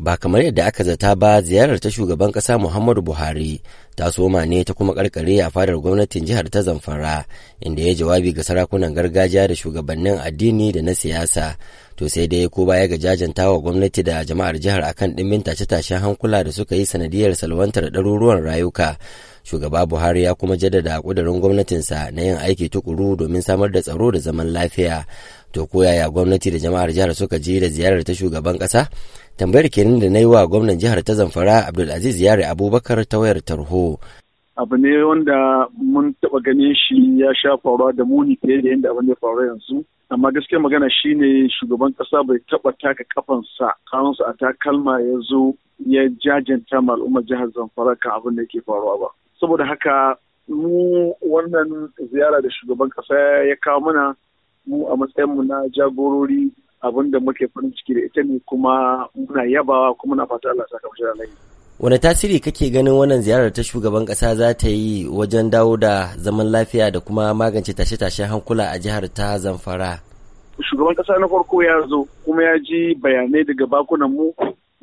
ba kamar yadda aka zata ba ziyarar ta shugaban kasa muhammadu buhari ta soma ne ta kuma karkare a fadar gwamnatin jihar ta zamfara inda ya jawabi ga sarakunan gargajiya da shugabannin addini da na siyasa to sai dai ko baya ga jajanta wa gwamnati da jama'ar jihar akan dimbin tace-tacen hankula da suka yi sanadiyar salwantar ɗaruruwan rayuka shugaba buhari ya kuma jaddada kudurin gwamnatinsa na yin aiki tukuru domin samar da tsaro da zaman lafiya to ko yaya gwamnati da jama'ar jihar suka je da ziyarar ta shugaban kasa tambayar kenan da na yi wa gwamnan jihar ta zamfara abdulaziz yare abubakar ta wayar tarho abu ne wanda mun taba ganin shi ya sha faruwa da muni fiye da yadda abin da faru yanzu amma gaskiya magana shine shugaban kasa bai taba taka kafansa kawunsa a takalma ya zo ya jajanta ma al'ummar jihar Zamfara kan abin da ke faruwa ba. Saboda haka mu wannan ziyara da shugaban kasa ya kawo mana mu a matsayinmu na jagorori abin da muke farin ciki da ita ne kuma muna yabawa kuma na fata Allah saka mashi da Wane tasiri kake ganin wannan ziyarar ta shugaban kasa za ta yi wajen dawo da zaman lafiya da kuma magance tashe-tashen hankula a jihar ta Zamfara? Shugaban kasa na farko ya zo kuma ya ji bayanai daga bakunan mu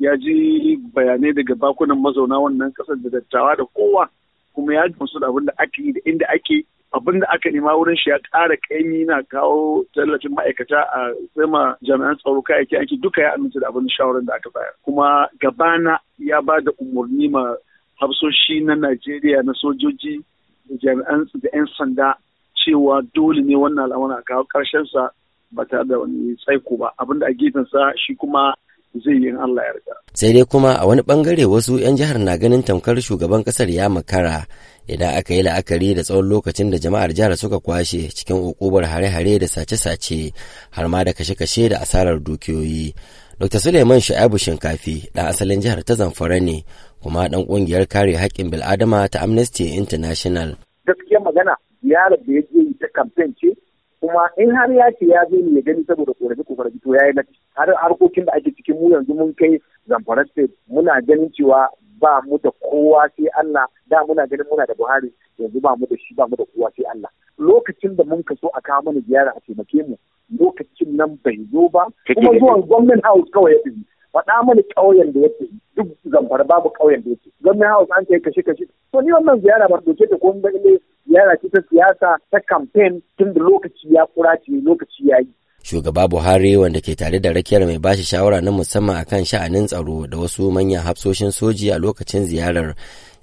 ya ji bayanai daga bakunan mazauna wannan kasar da dattawa da kowa kuma ya gamsu da abin da ake yi da inda ake abin da aka nema wurin shi ya ƙara kaimi na kawo tallafin ma'aikata a sama jami'an tsaro kayayyaki ake duka ya aminta da abin shawarar da aka bayar kuma gabana ya ba da umarni ma hafsoshi na najeriya na sojoji da jami'an da 'yan sanda cewa dole ne wannan al'amarin a kawo ƙarshensa ba tare da wani tsaiko ba Abin da a gefensa shi kuma zai yi Allah ya riga. Sai dai kuma a wani bangare wasu 'yan jihar na ganin tamkar shugaban kasar ya makara idan aka yi la'akari da tsawon lokacin da jama'ar jihar suka kwashe cikin ukubar hare-hare da sace-sace har ma da kashe-kashe da asarar dukiyoyi. Dr. Suleiman Shu'aibu Shinkafi ɗan asalin jihar ta Zamfara ne kuma ɗan ƙungiyar kare haƙƙin bil'adama ta Amnesty International. Gaskiya magana ziyarar da ya je ta kamfen ce kuma in har ya ce ya zo ne gani saboda korafi korafi to yayi har harkokin da ake cikin mu yanzu mun kai zamfara state muna ganin cewa ba mu da kowa sai Allah da muna ganin muna da Buhari yanzu ba mu da shi ba mu da kowa sai Allah lokacin da mun kaso a kawo mana ziyara a taimake mu lokacin nan bai zo ba kuma zuwan gwamnan house kawai ya tafi faɗa mana ƙauyen da yake duk zamfara babu ƙauyen da yake gwamnan house an kai kashe kashe to ni wannan ziyara ba doke ta ko mun ne ziyara ce ta siyasa ta kamfen tun da lokaci ya kura ce lokaci ya yi. Shugaba Buhari wanda ke tare da rakiyar mai bashi shawara na musamman akan sha'anin tsaro da wasu manyan hafsoshin soji a lokacin ziyarar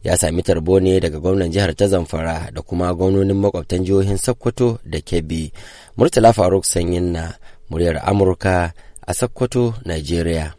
ya sami tarbo ne daga gwamnan jihar ta Zamfara da kuma gwamnonin makwabtan jihohin Sokoto da Kebbi. Murtala Faruk Sanyin na muryar Amurka a Sokoto, Najeriya.